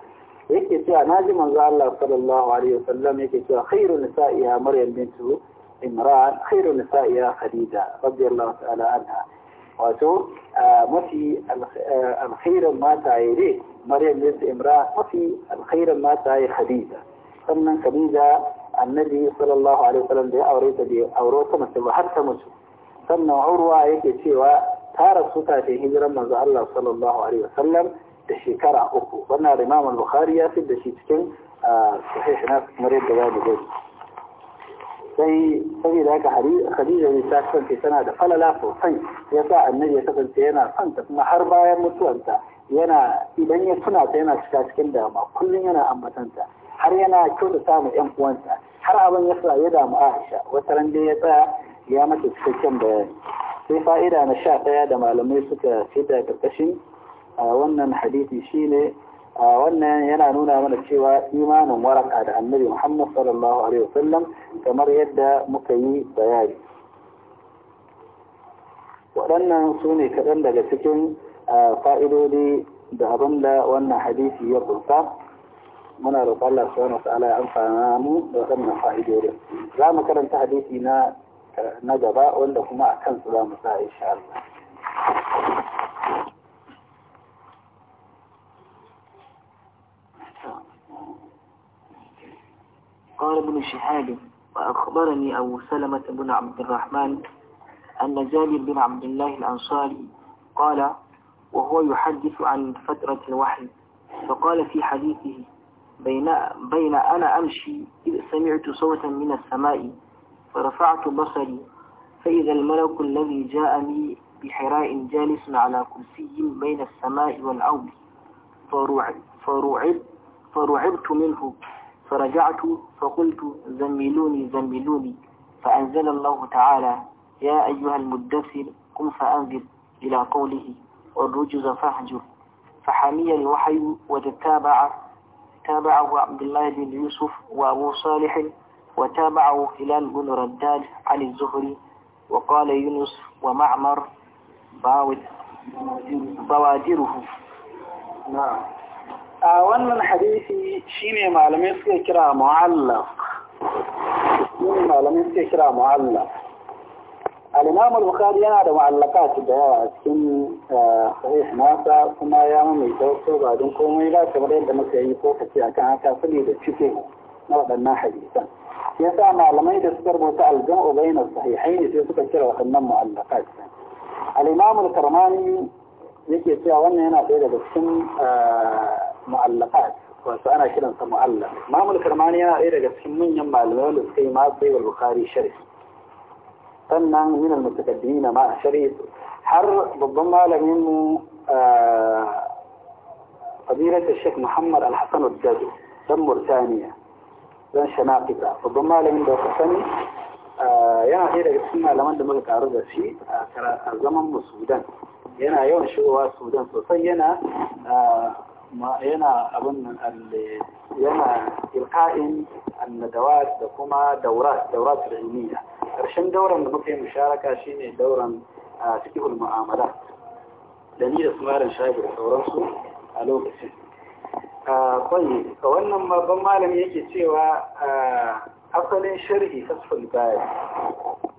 yake cewa naji manzo Allah sallallahu alaihi wasallam yake cewa khairu nisa'iha Maryam bintu Imran khairu nisa'iha Khadija radiyallahu ta'ala anha wato mafi alkhairin mataye ne Maryam bintu Imran mafi alkhairin mataye Khadija sannan Khadija annabi sallallahu alaihi wasallam da ya aure ta bai auro ta mace ba har ta mutu sannan urwa yake cewa ta rasu kafin hijiran manzo Allah sallallahu alaihi wasallam da shekara uku wannan Imam Bukhari ya fi da shi cikin ah, sahih na kamar yadda za mu gani sai saboda haka Khadija ne ta kasance tana da falala sosai yasa annabi ya kasance yana son ta kuma har bayan mutuwanta yana idan ya tuna ta yana cika cikin dama kullum yana ambatanta har yana kyautata samun yan uwansa har abin ya sa ya damu Aisha wata ran ya tsaya ya mata cikakken bayani sai fa'ida na sha ɗaya da malamai suka fita ƙarƙashin wannan hadisi shine wannan yana nuna mana cewa imanin waraka da annabi Muhammad sallallahu alaihi wasallam kamar yadda muka yi bayani waɗannan su ne kaɗan daga cikin fa'idodi da abin da wannan hadisi ya kunsa muna roƙon Allah subhanahu wataala ya amfana mu da wannan fa'idodin za mu karanta hadisi na na gaba wanda kuma a kansu za mu sa insha Allah قال ابن شهاب وأخبرني أبو سلمة بن عبد الرحمن أن جابر بن عبد الله الأنصاري قال وهو يحدث عن فترة الوحي فقال في حديثه بين, بين أنا أمشي إذ سمعت صوتا من السماء فرفعت بصري فإذا الملك الذي جاءني بحراء جالس على كرسي بين السماء والعود فرعب فرعبت منه فرجعت فقلت زملوني زملوني فأنزل الله تعالى يا أيها المدثر قم فأنذر إلى قوله والرجز فاهجر فحمي الوحي وتتابع تابعه عبد الله بن يوسف وأبو صالح وتابعه هلال بن رداد عن الزهري وقال يونس ومعمر بوادره نعم a آه، wannan hadisi shine malamai suke kira mu'allaf shine malamai suke kira mu'allaf الإمام البخاري هذا معلقات على لقات سن آه، صحيح ناسا ثم أيام ميتوس وبعدين كم إلى كمرين دم سيفو حتي أكان كافلي بتشكي نعم، ما بدنا حديثا يسعى معلمين تذكر موسى الجمع بين الصحيحين في سكة كرة وخدنا معلقات الإمام الكرماني يكي يسعى وانا هنا في هذا السن آه، معلقات وسأنا كلا نسمع الإمام الكرماني هنا في هذا السن من يمع المولد كي ما البخاري الشريف sannan min al na ma shari'a har babban malamin mu ah, fadilat Sheikh Muhammad Al-Hasan Al-Dadu dan Murtaniya dan Shanaqita babban malamin da ku sani ah, yana ɗaya daga cikin malaman da muka karu da shi a zaman mu Sudan yana yawan shigowa Sudan sosai yana ah, ma yana abin nan yana irka'in annadawat da kuma daurat daurat ilmiya karshen dauran da muka yi musharaka shine dauran fiqhul mu'amala da ni da sumarin shafi da su a lokacin kwanye ka wannan babban malami yake cewa asalin sharhi fasful bayan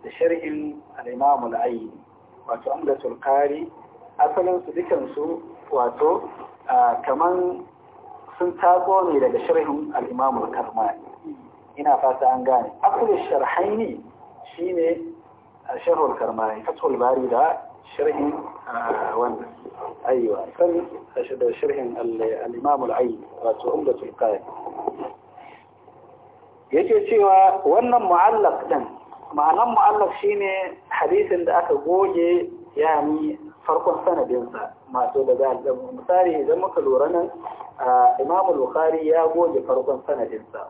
da sharhin al-imam al-ayyini wato amdatul qari asalin su dukansu wato kaman sun taso ne daga sharhin al-imamul karmani ina fata an gane akwai sharhaini shine sharhul karmani fathul bari da sharhin wanda aiwa kan da sharhin al-imamul ayn wato umdatul qayyim yake cewa wannan mu'allaq din ma'anan mu'allaq shine hadisin da aka goge yani farkon sanadinsa masu da za a misali idan muka lura nan imamu bukhari ya goge farkon sanadinsa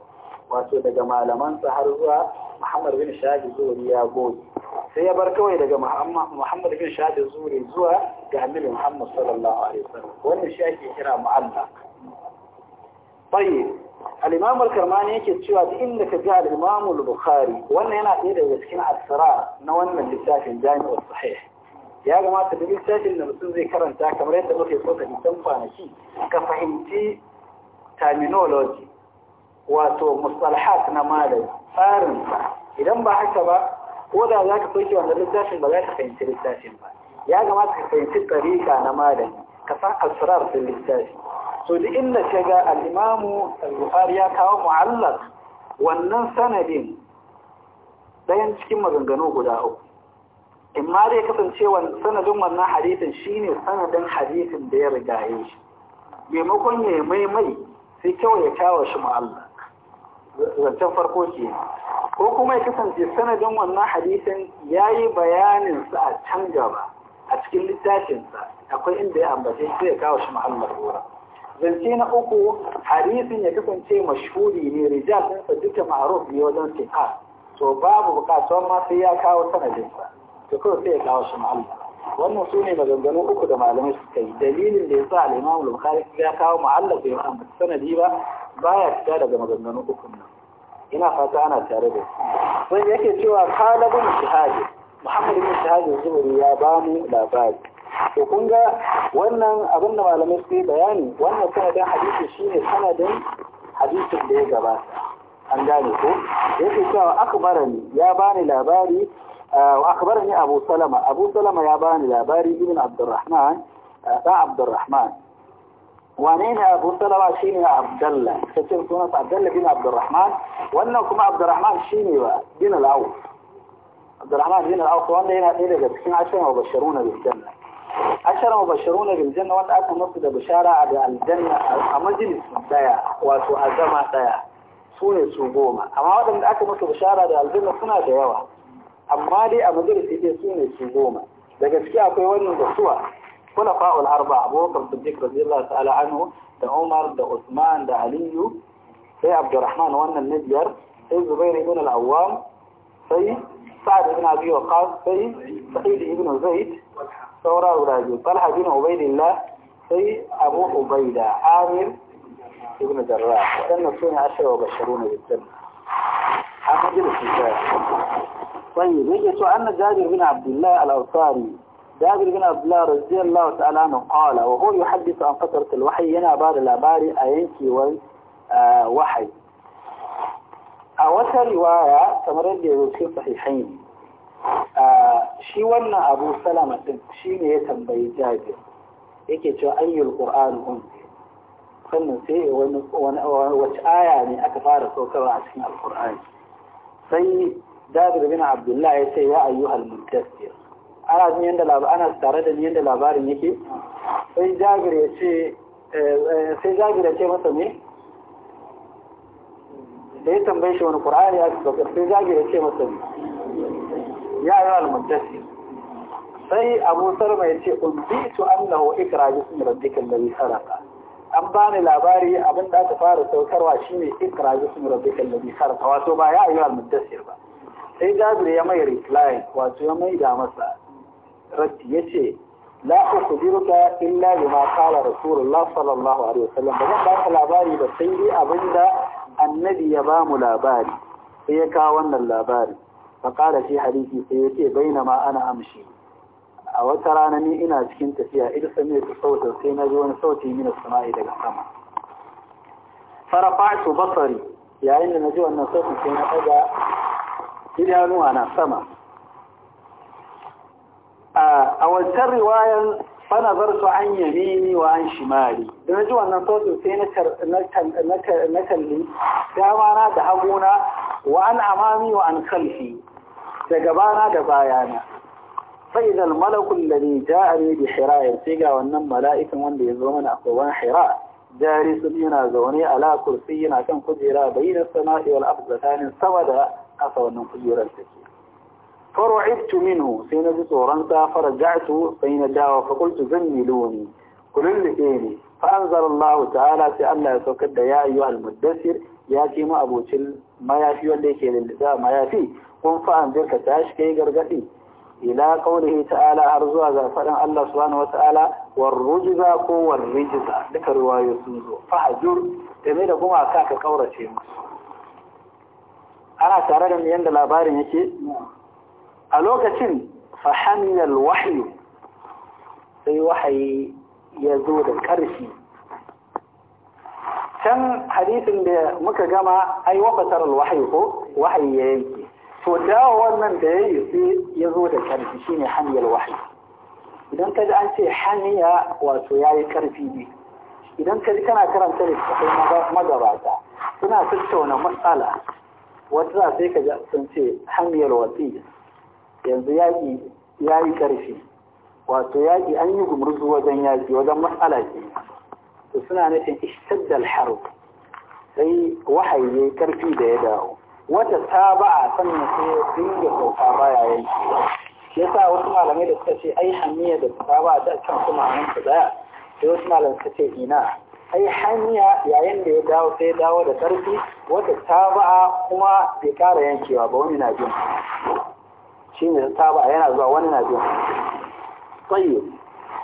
wato daga malamansa har zuwa muhammad bin shahid zuri ya goge sai ya bar kawai daga muhammad bin shahid zuri zuwa ga annabi muhammad sallallahu alaihi wasallam wannan shi ake kira mu'alla tayyib الإمام الكرماني يكي تشوى إنك جاء الإمام البخاري وأن هنا إذا يسكن على الصراع نوانا لساكن جامع الصحيح ya kamata da littafin da mutum zai karanta kamar yadda muke so da nisan kwanaki ka fahimci terminology wato musalhat na malam tsarin idan ba haka ba ko da za ka soke wanda littafin ba za ka fahimci littafin ba ya kamata ka fahimci tsarika na malami ka san asrar da littafi so duk inda ka ga al bukhari ya kawo muhallar wannan sanadin ɗayan cikin maganganu guda uku in ma dai kasancewa sanadin wannan hadisin shine sanadin hadisin da ya rigaye shi maimakon ya mai maimai sai kawai ya kawo shi ma Allah zancen farko ke ko kuma ya kasance sanadin wannan hadisin ya yi bayaninsa a can gaba a cikin littafinsa akwai inda ya ambace sai ya kawo shi Allah. gora zance na uku hadisin ya kasance mashhuri ne rijal ɗinsa duka ma'aruf ne wajen fiqa to babu bukatuwa ma sai ya kawo sanadinsa to kawai sai ya kawo shi ma'alla wannan su ne maganganu uku da malamai suka yi dalilin da ya sa al'imamu bukhari ya kawo ma'alla bai ambata sanadi ba baya fita daga maganganu uku nan ina fata ana tare da su sai yake cewa kalabun shahadi muhammad ibn shahadi zuhuri ya ba mu labari to kun ga wannan abin da malamai suka yi bayani wannan sanadin hadisi shine sanadin hadisin da ya gabata an gane ko yake cewa akbarani ya bani labari آه، وأخبرني أبو سلمة أبو سلمة ياباني لاباري ابن عبد الرحمن دا آه، عبد الرحمن وانين أبو سلمة شيني عبد الله كثير سنة عبد الله بن عبد الرحمن وأنكم عبد الرحمن شيني بن العوف عبد الرحمن بن العوف وأنا هنا إلى إيه جبسين عشرة مبشرون بالجنة عشرة مبشرون بالجنة وأنا أكون نصد بشارة على الجنة مجلس دايا وسؤال جمع دايا سوني سوبوما أما هذا من أكون نصد بشارة على الجنة سنة دايوة amma dai a majalisi dai su ne su goma da gaske akwai wannan da suwa kuna fa'ul arba abubakar siddiq radiyallahu ta'ala anhu da umar da usman da aliyu sai abdurrahman wannan na biyar sai zubair ibn al-awwam sai sa'ad ibn abi waqas sai sa'id ibn zaid saura guda biyu talha bin ubaidillah sai abu ubaida amir ibn jarrah waɗannan su ne ashirin wa bashiruna bil janna a majalisi طيب يجب سؤالنا جابر بن عبد الله الأوصاري جابر بن عبد الله رضي الله تعالى عنه قال وهو يحدث عن فترة الوحي ينابار الأباري أينكي والوحي آه، أوسى رواية تمرد في الصحيحين شو آه، شيوان أبو سلامة شين يتم بي جابر يكي جو أي القرآن هم فلن سيء وش آية يعني أكبار سوكرا عشان القرآن سيء jabir bin abdullah ya ce ya ayyuhal muddassir ana jin yanda ana tare da yanda labarin yake sai jabir ya ce eh, eh, sai jabir ya ce masa ne da ya tambaye shi wani qur'ani ya ce sai jabir ya ce masa ne ya ayyuhal muddassir sai abu sarma ya ce ubitu annahu ikra bismi rabbikal ladhi khalaqa an bani labari abin da aka fara saukarwa shine ikra bismi rabbikal ladhi khalaqa wato ba ya al muddassir ba sai jabir ya mai reply wato ya mai da masa raddi ya ce la ukhbiruka illa bima makara rasulullah sallallahu alaihi wasallam ba zan baka labari ba sai dai abinda annabi ya ba mu labari sai ya kawo wannan labari fa qala shi hadisi sai yace bainama ana amshi a wata rana ni ina cikin tafiya idan sami ta sautin sai na ji wani sauti min sama'i daga sama farafa'tu basari yayin da na ji wannan sautin sai na daga idanuwa na sama a wancan riwayan fana zar su an yi ni wa an shimari ina ji wannan sosu sai na kalli damana da hagona wa an amami wa an kalfi daga bana da bayana sai da malakun da ne ja a ne da shira ya ce ga wannan mala'ikan wanda ya zo mana a wani shira jari su yana zaune ala kursi yana kan kujera bayi da sana'i wal abu sama da kasa wannan kujerar ta ke. Faro aiktu sai na ji tsoronsa fara gatu sai na dawa fakultu zan nilo ni, ku lullube ni, zarar Allah ta’ala sai Allah ya saukar da ya yi almuddasir ya ke mu abocin mayafi wanda yake lullube mayafi, kun fa’an jirka ta shi kai gargaɗi. Ila kaunihi ta’ala har zuwa ga faɗin Allah su wani wata ala, rujiza ko war rijiza duka ruwayo sun zo, fa game da kuma ka ƙaurace kaurace musu. ana tare da mu yanda labarin yake a lokacin fahimiyar wahyu sai wahayi ya zo da ƙarfi can hadisin da muka gama ai wafatar alwahyu ko wahayi ya yanke to dawo wannan da ya yi sai ya zo da ƙarfi shine hanyar wahayi idan ka ji an ce hanya wato ya yi ƙarfi ne idan ka ji kana karanta littattafai magabata suna tattauna matsala wata sai ka sun ce hamiyar wasi yanzu yaƙi ya yi ƙarfi wato yaƙi an yi gumurzu wajen yaƙi wajen matsala ce to suna nufin ishtaddal alharu. sai wahayi ya yi ƙarfi da ya dawo wata ta ba a sannan sai dinga sauka baya yanki ya sa wasu malamai da suka ce ai hamiya da ta ba a can su ma'anin su daya sai wasu malamai suka ce ina sai hanya yayin da ya dawo sai dawo da ƙarfi wata taba'a kuma bai ƙara yankewa ba wani na jin shi ne taba'a yana zuwa wani na jin tsaye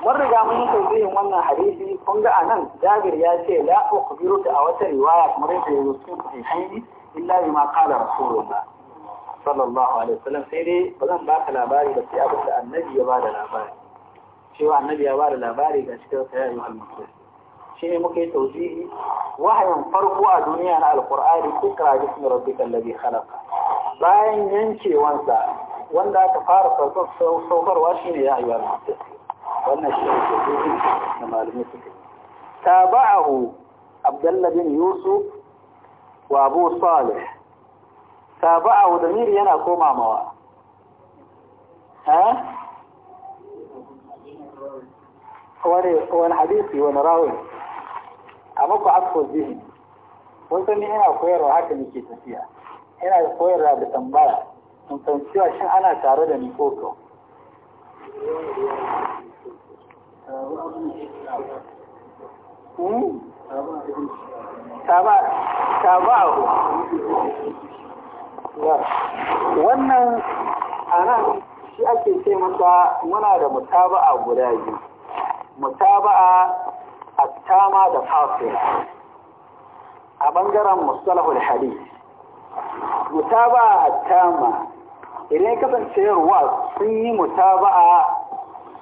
mun riga mun yi tauzihin wannan hadisi kun ga anan jabir ya ce la ukhbiru a wata riwaya kamar yadda ya zo cikin sahihaini illa bima qala rasulullah sallallahu alaihi wasallam sai dai ba zan baka labari ba sai abin da annabi ya bada labari cewa annabi ya bada labari ga cikin sahihaini al-muslim شيء ممكن توزيعه وهم فرقوا الدنيا على القرآن فكرة جسم ربك الذي خلق باين ينشي وانسى وانا تقارب صفر واشين يا عيوان وانا الشيء جديد كما المسك تابعه عبد الله بن يوسف وابو صالح تابعه دمير ينا كوما موا ها هو الحديث هو نراوي a ku afko zihni wasu ni ina koyarwa haka nake tafiya ina koyarwa da tambaya in cewa shin ana tare da ni ko to hmm? taba'ahu wannan ana shi ake ce masa muna da mutaba'a guda biyu mutaba'a tama da fasila a bangaren mustalahul hadith mutaba'a tama idan ya kasance ruwa sun yi mutaba'a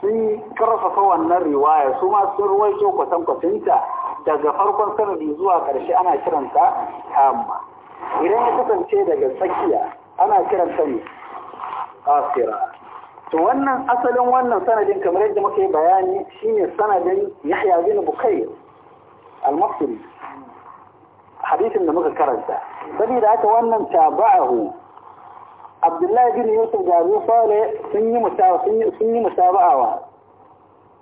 sun karfafa wannan riwaya su ma sun ruwaito kwatankwatinta daga farkon sanadi zuwa ƙarshe ana kiranta tama, idan ya kasance daga tsakiya ana kiranta ne kasira to wannan asalin wannan sanadin kamar yadda muka yi bayani shine sanadin Yahya bin Bukayr al-Maqsuri hadisin da muka karanta da aka wannan tabahu Abdullahi bin Yusuf da Abu Saleh sun yi mutawa sun yi sun yi mutaba'awa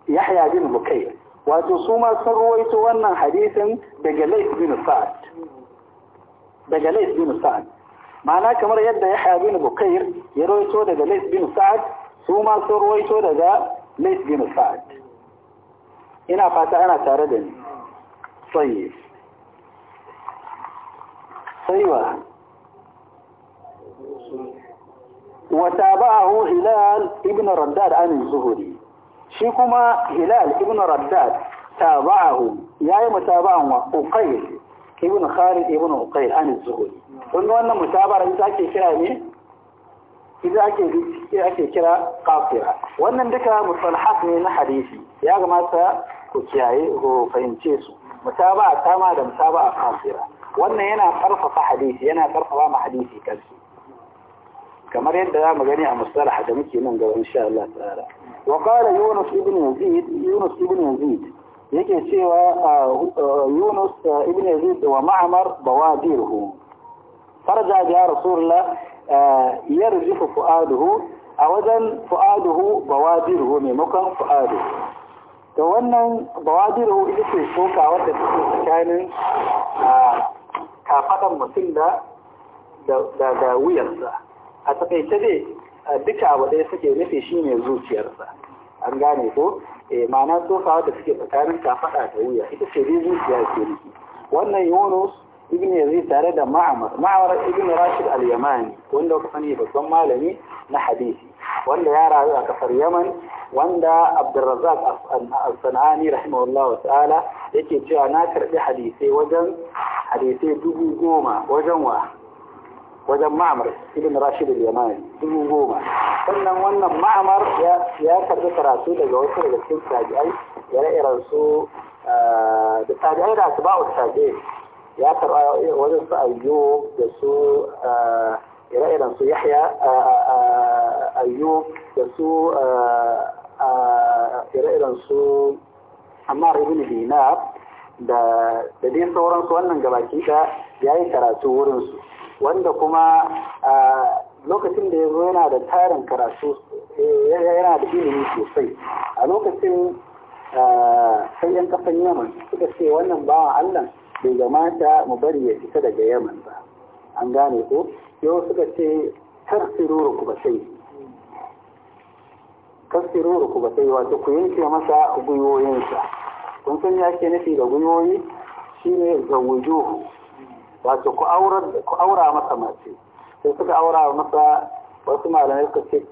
Yahya bin Bukayr wato su ma sun ruwaito wannan hadisin daga Layth bin Sa'd daga Layth bin Sa'd ma'ana kamar yadda Yahya bin Bukayr ya ruwaito daga Layth bin Sa'd su ma ruwaito daga Lais bin Sa'ad ina fata ana tare da ni sai saiwa wa tabahu Hilal ibn Raddad an Zuhri shi kuma Hilal ibn Raddad tabahu yayi mutaba'an wa Uqayl ibn Khalid ibn Uqayl an Zuhri kun wannan mutabara ita ake kira ne ita ake ake kira kafira wannan duka mustalahat ne na hadisi ya gamata ku kiyaye ku fahimce su mutaba'a tama da mutaba'a kafira wannan yana karfafa hadisi yana karfafa ma hadisi kansu kamar yadda za mu gani a mustalah da muke nan gaba insha Allah ta'ala wa qala yunus ibn yazid yunus ibn yazid yake cewa yunus ibn yazid wa ma'mar bawadirhu فرجع ya رسول yarjifu fu'aduhu a wajen fu'aduhu bawadiruhu maimakon fu'adu to wannan bawadiruhu ita ce soka wadda ke tsakanin kafaɗan mutum da da wuyarsa a taƙaice dai duka abu ɗaya suke nufi ne zuciyarsa an gane ko ma'ana tsofa wadda suke tsakanin kafaɗa da wuya ita ce dai zuciya ke nufi wannan yunus ibn yazid tare da ma'amar ma'amar ibn rashid al-yamani wanda kuma ne babban malami na hadisi wanda ya rayu a kasar yaman wanda abdurrazzaq al-sanani rahimahullahu ta'ala yake cewa na karbi hadisai wajen hadisai dubu goma wajen wa wajen ma'amar ibn rashid al-yamani dubu goma sannan wannan ma'amar ya karbi karatu daga wasu daga cikin tabi'ai ire-iren su eh, da tabi'ai da su ba'u tabi'ai ya karɓa wajen su ayyub da su ire-iren su yahya ayyub da su ire-iren su ammar ibn dinar da da sauransu wannan gabaki da ya yi karatu wurinsu wanda kuma lokacin da ya zo yana da tarin karatu eh, yana da ilimi sosai a lokacin sai yan kasan yaman suka ce wannan bawan allah bai gamata mu bari ya fita daga yaman ba an gane ko yau suka ce tarsiru rukubatai ba sai wato ku yanke masa gwiwoyinsa kun san ya ke nufi da gwiwoyi shi shine zawujuhu wato ku aura masa mace sai suka aura masa wasu malamai suka ce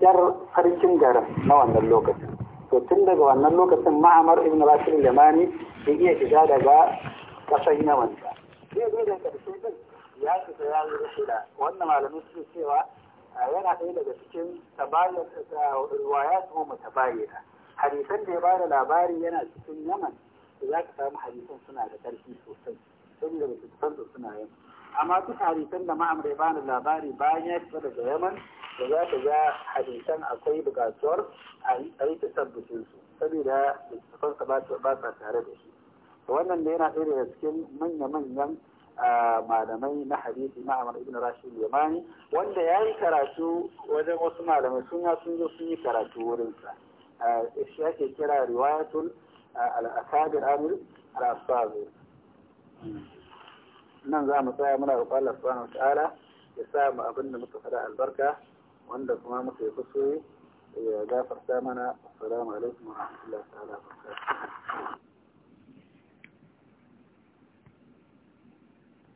yar sarkin garin na wannan lokacin to tun daga wannan lokacin ma'amar ibn rashid lamani ya iya shiga daga kasai na wanda zai zai da karshe din ya fita ya yi rashida wannan malamai suke cewa yana ɗaya daga cikin tabayyar riwaya su mu tabayyana hadisan da ya bada labari yana cikin yaman da za ka samu hadisan suna da ƙarfi sosai saboda ba su san da suna yaman amma duk hadisan da ma'amar ya bada labari bayan ya fita daga yaman da za ka ga hadisan akwai buƙatuwar a yi tasabbucin su saboda littattafansa ba sa tare da shi wannan da yana ɗaya daga cikin manya-manyan ah, malamai na hadisi na Amr ibn Rashid Yamani wanda ya yi karatu wajen wasu malamai sun ya sun zo sun yi karatu wurinsa ah, shi ake kira riwayatul ah, al amir al nan za mu tsaya muna roƙon Allah subhanahu ya sa mu abin da muka fada albarka wanda kuma muka yi kusa ya gafarta mana assalamu alaikum wa rahmatullahi ta'ala wa barakatuh